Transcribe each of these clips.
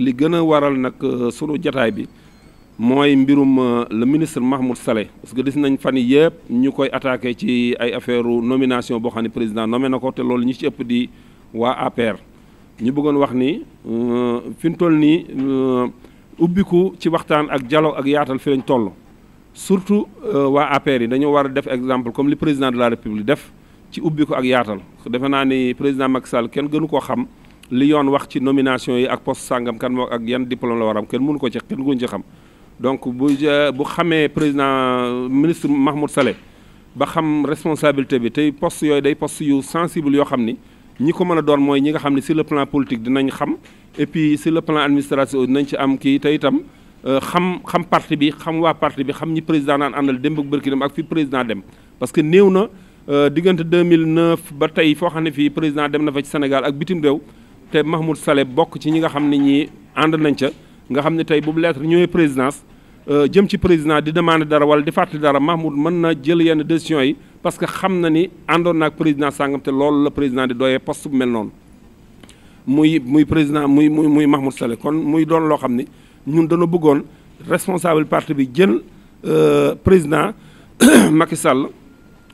li gën a waral nag euh, sunu jataay bi mooy mbirum euh, le ministre Mahmoud Saleh parce que gis nañ fan yi yëpp ñu koy attaqué ci ay affaire nomination boo xam ne président nommé na ko te loolu ñi ci ëpp di waa APR ñu bëggoon wax ni euh, fi ñu toll nii ubbiku ci waxtaan ak jaloo ak yaatal fi lañ toll surtout waa APR yi dañoo war a def exemple comme li président de la république def ci ubbiku ak yaatal defe naa ni président Macky Sall kenn gënu koo xam li yoon wax ci nomination yi ak post sàngam kan moo ak yan diplôme la waram kenn mënu ko ci kenn guñ ci xam donc bu bu xamee président ministre Mahmoud Saleh ba xam responsabilité bi tey post yooyu day post yu sensible yoo xam ni ñi ko mën a doon mooy ñi nga xam ne sur le plan politique dinañ xam et puis sur le plan administratif dinañ ci am kii tey itam euh, xam xam parti bi xam waa parti bi xam ñi président naan àndal démb ak bërki dem ak fi président dem parce que néew na euh, diggante 2009 ba tey foo xam ne fii président dem na fa ci Sénégal ak bitim te Mahmoud Saleh bokk ci ñi nga xam ne ñii ànd nañ ca nga xam ne tey bu lettre ñëwee présidence euh, jëm ci président di demander dara wala di fàttali dara Mahmoud mën na jël yenn décisions yi parce que xam na ni àndoon naag président sàngam te loolu la président di doyee poste bu mel noonu muy muy président muy muy muy Mahmoud Saleh kon muy doon loo xam ni ñun dañoo bëggoon responsable parti bi jël euh, président Macky Sall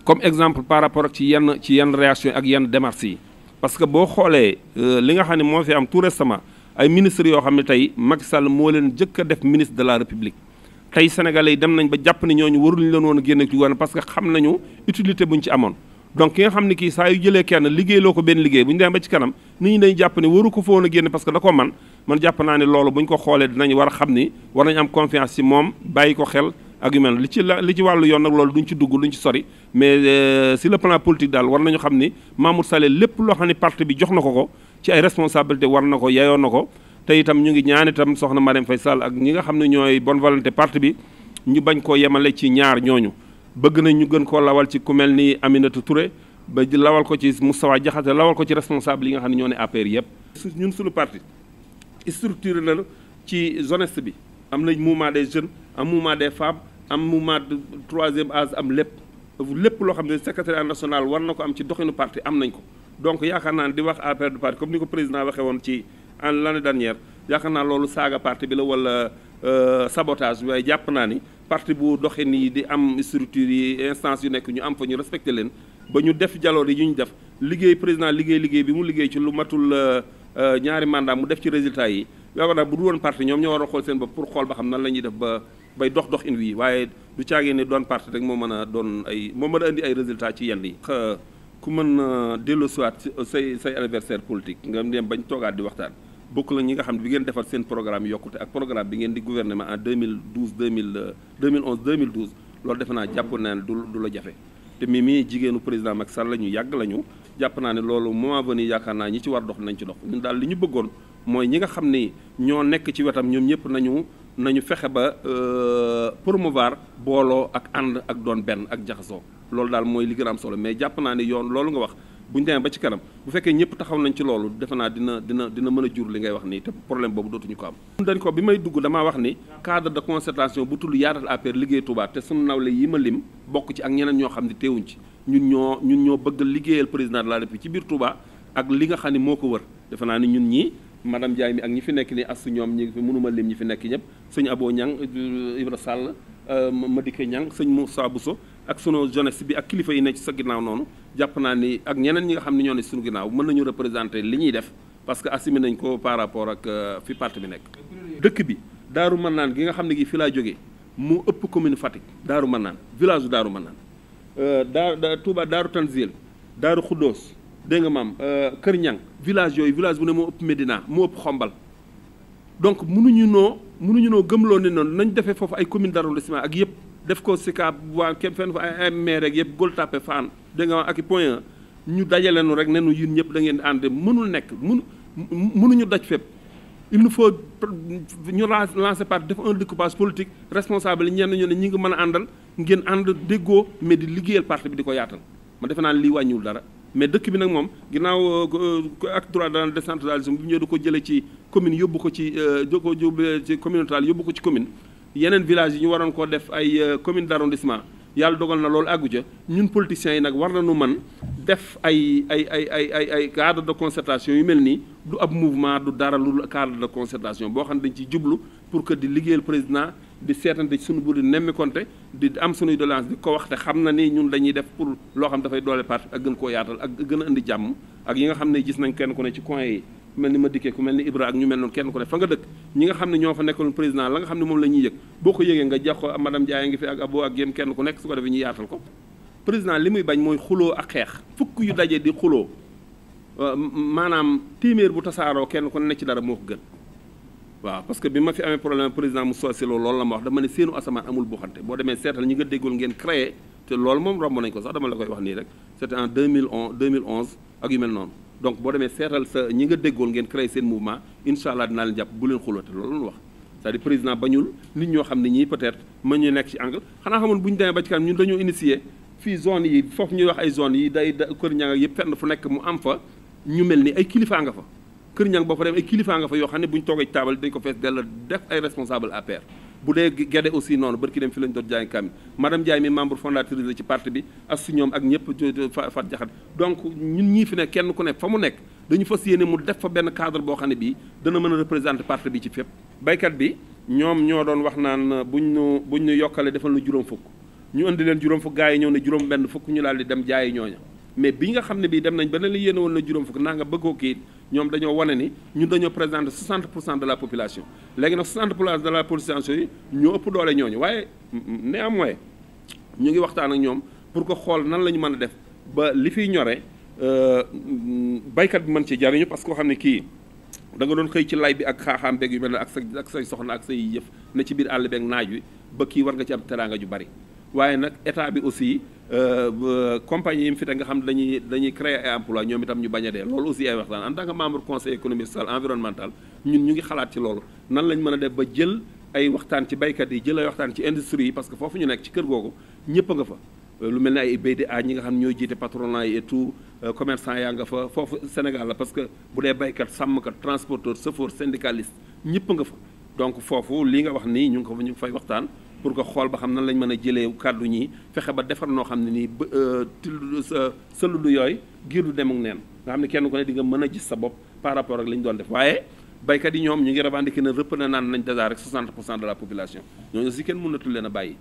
comme exemple par rapport ak ci yenn ci yenn réaction ak yenn démarches yi. parce que boo xoolee euh, li nga xam ne moo fi am tout récemment ay ministres yoo xam ne tey Macky Sall moo leen jëkk a def ministre de la République tey sénégalais yi dem nañ ba jàpp ne ñooñu waruñu leen woon a génne ci parce que xam nañu utilité buñ ci amoon donc ki nga xam ne kii saa yu jëlee kenn liggéey loo ko benn liggéey bu ñu demee ba ci kanam nit ñi dañ jàpp ne waru ko foon a génne parce que da ko man man jàpp naa ne loolu bu ñu ko xoolee dinañ war a xam ni war nañ am confiance ci moom bàyyi ko xel ak yu mel li ci la li ci wàllu yoon nag loolu duñ ci dugg luñ ci sori mais euh, sur le plan politique daal war nañu xam ni Mamour Salé lépp loo xam ne parti bi jox na ko ko ci ay responsabilité war na ko yeyoo na ko te itam ñu ngi ñaan tam soxna Marème Faye Sall ak ñi nga xam ne ñooy bonne volonté parti bi ñu bañ koo yemale ci ñaar ñooñu bëgg nañ ñu gën koo lawal ci ku mel ni Aminata Touré ba lawal ko ci Moustapha Diakhaté lawal ko ci responsable yi nga xam ne ñoo ne APR yëpp ñun suñu parti structuré na ci jeunesse bi am nañ mouvement des jeunes am mouvement des femmes am mu maat troisième âge am lépp lépp loo xam ne secrétaire national war na ko am ci doxinu parti am nañ ko donc yaakaar naa ne di wax affaire du parti comme ni ko président waxee woon ci en l'année dernière yaakaar naa loolu saaga parti bi la wala euh, sabotage waaye jàpp naa ni parti bu doxee nii di am structure yi instance yu nekk ñu am fa ñu respecté leen ba ñu def jaloor yi ñu def liggéey président liggéey liggéey bi mu liggéey ci lu matul euh, euh, ñaari mandat def ci résultat yi yaakaar naa bu dul parti ñoom ñoo war a seen bopp pour xool ba xam nan la ñuy def ba bay dox dox in wii waaye du caagee ne doon parti rek moo mën a doon moo mën indi ay résultats ci yenn yi. ku mën a dellu siwaat uh, say say adversaire politique nga dem bañ toogaat di waxtaan bokk la ñi nga xam ne bi ngeen defar seen programme yokkute ak programme bi ngeen di gouvernement en 2012 2000 2011 2012 loolu defe naa jàpp naa du du la jafe te mi mii jigéenu président Macky Sall la ñu yàgg la ñu jàpp naa ne loolu moment venu yaakaar naa ñi ci war dox nañ ci dox ñun daal li ñu bëggoon mooy ñi nga xam ni ñoo nekk ci wetam ñoom ñëpp nañu nañu fexe ba euh, promouvoir booloo ak ànd ak doon benn ak jaxasoo loolu daal mooy li gën am solo mais jàpp naa ne yoon loolu nga wax bu ñu demee ba ci kanam bu fekkee ñëpp taxaw nañ ci loolu defe naa dina dina dina mën a jur li ngay wax nii te problème boobu dootuñu ko am. dañ ko bi may dugg damaa wax ni cadre de concertation bu tudd yaatal APR liggéey Touba te sunu nawle yi ma lim bokk ci ak ñeneen ñoo xam ne teewuñ ci ñun ñoo ñun ñoo bëgg liggéeyal président de la République ci biir Touba ak li nga xam ne moo ko wër defe naa ni ñun ñii madame Ndiaye mi ak ñi fi nekk nii astu ñoom ñi fi mënuma lim ñi fi nekk ñëpp sëñ Abo Niang euh, Ibra Sall euh, Madické Niang sëñ Moussa Bousso ak sunu jeunesse bi ak kilifa yi ne ci sa ginnaaw noonu jàpp naa ni ak ñeneen ñi nga xam ne ñoo ne sunu ginnaaw mën nañu représenter li ñuy def parce que assimé nañ ko par rapport ak euh, fi parti bi nekk. dëkk bi Daaru naan gi nga xam ne gi fi laa jógee mu ëpp commune Fatick Daaru Mannaan village su Daaru Mannaan Daar Touba Daaru Tanzil Daaru Xuddoos dégg nga maam Kër Niang village yooyu village bu ne moo ëpp Médina moo ëpp Xombal donc mënuñu mënuñu noo gëmloo ne noonu nañ defee foofu ay commune d'arrondissement ak yëpp def ko Sicap waa képp fenn fa ay maire rek yëpp Gueule Tapée Fann dégg ak i point ñu dajale nu rek ne nu yéen ñëpp da ngeen di ànd mënul nekk mënu ñu daj fépp. il nous faut ñu lancer par def un découpage politique responsable ñenn ñu ne ñi ngi mën a àndal ngeen ànd déggoo mais di liggéeyal parti bi di ko yaatal ma defe naan lii wàññiwul dara. mais dëkk bi nag moom ginnaaw euh, acte trois de la décentralisation bi ñëw da ko jëlee ci commune yóbbu ko ci euh, da ko jëlee ci yóbbu ko ci commune yeneen village yi ñu waroon koo def ay euh, commune d' arrondissement yàlla dogal na loolu àggu ja ñun politiciens yi nag war nañu man def ay ay ay ay ay ay cadre de concertation yu mel nii du ab mouvement du dara lu cadre de concertation boo xam ne dañ ciy jublu pour que di liggéeyal président di seetante suñu buri nemmikonte di am suñuy doléance di ko wax te xam na ni ñun dañuy def pour loo xam dafay doole parti ak gën koo yaatal ak gën a indi jàmm ak yi nga xam ne gis nañ kenn ku ne ci coin yi mel ni ma dikkee ku mel ni Ibra ak ñu mel noonu kenn ku ne fa nga dëkk ñi nga xam ne ñoo fa nekkaloon président la nga xam ne moom la ñuy yëg boo ko yëgee nga jox ko madame Ndiaye ngi fi ak abo ak yéen kenn ku nekk su ko defee ñu yaatal ko président li muy bañ mooy xuloo ak xeex fukk yu daje di xuloo euh, maanaam téeméer bu tasaaroo kenn ku ne ci dara moo ko gën waaw parce que bi ma fi amee problème président Moussa Silo loolu la ma wax dama ne seenu asamaan amul buxante boo demee seetal ñi nga déggul ngeen créé te loolu moom romb nañ ko sax dama la koy wax nii rek c'était en 2011 2011 ak yu mel noonu donc boo demee seetal sa ñi nga déggoon ngeen créé seen mouvement incha allah dinaa leen jàpp bu leen xuloote loolu wax cest à président bañul nit ñoo xam ne ñii peut-être ñu nekk ci angle xanaa xamoon bu ñu demee ba ci kanam ñun dañoo initier fii zone yi foofu ay zone yi day kër ñanga yëpp fenn fu am fa ñu mel ni ay kilifa nga fa kër ñang boo fa dem ay kilifaa nga fa yoo xam ne bu ñu toogee taabal dañ ko fees dell def ay responsable APR bu dee Guédé aussi noonu barki dem fi lañ doon jaay kaamil madame Ndiaye mi membre fondatrice la ci parti bi ak su ñoom ak ñëpp fat jaxat donc ñun ñii fi ne kenn ku nekk fa mu nekk dañu fas yéene mu def fa benn cadre boo xam ne bii dana mën a représenter parti bi ci fépp baykat bi ñoom ñoo doon wax naan buñ ñu buñ ñu yokkale defal na juróom fukk ñu indi leen juróom fukk ñëw ne juróom benn fukk ñu daal di dem jaayi ñooña mais bi nga xam ne bii dem nañ ba ne la yéene woon na juróom fukk naa nga bëggoo ñoom dañoo wane ni ñu dañoo présenter 60 pour cent de la population léegi nag 60 pour cent de la population yi ñoo ëpp doole ñooñu waaye mm, néanmoins ñu ngi waxtaan ak ñoom pour que xool nan la ñu mën a def ba li fiy ñore euh, baykat bi mën ci jariñu parce que koo xam ne kii da nga doon xëy ci lay bi ak xaaxaam beeg yu mel na ak sa ak say soxna ak say yëf ne ci biir àll beeg naaj wi ba kii war nga ci am teraanga ju bari waaye nag état bi aussi euh, compagnie yi mu fi nga xam ne dañuy dañuy créer ay emploi ñoom itam ñu bañ a dee loolu aussi ay waxtaan en tant que membre conseil économique social environnemental ñun ñu ngi xalaat ci loolu nan lañ mën a def ba jël ay waxtaan ci baykat yi jël ay waxtaan ci industrie yi parce que foofu ñu nekk ci kër googu ñëpp a nga fa euh, lu mel ne ay béy di aaj ñi nga xam ñoo jiite patronat yi et tout euh, yaa nga fa foofu Sénégal la parce que bu dee baykat sàmmkat transporteur chauffeur syndicaliste ñëpp nga fa donc foofu li nga wax nii ñu ngi ko ñu fay waxtaan pour que xool ba xam nan lañ mën a jëlee kàddu ñi fexe ba defar noo xam ne nii ba euh, till sa sëlulu yooyu giiru demuk neen nga xam ne kenn ku ne di nga mën a gis sa bopp par rapport ak li ñu doon def waaye baykat yi ñoom ñu ngi revendiquer ne rëpp na naan nañ déjà rek 60 pour cent de la population ñoo aussi kenn mënatul leen a bàyyi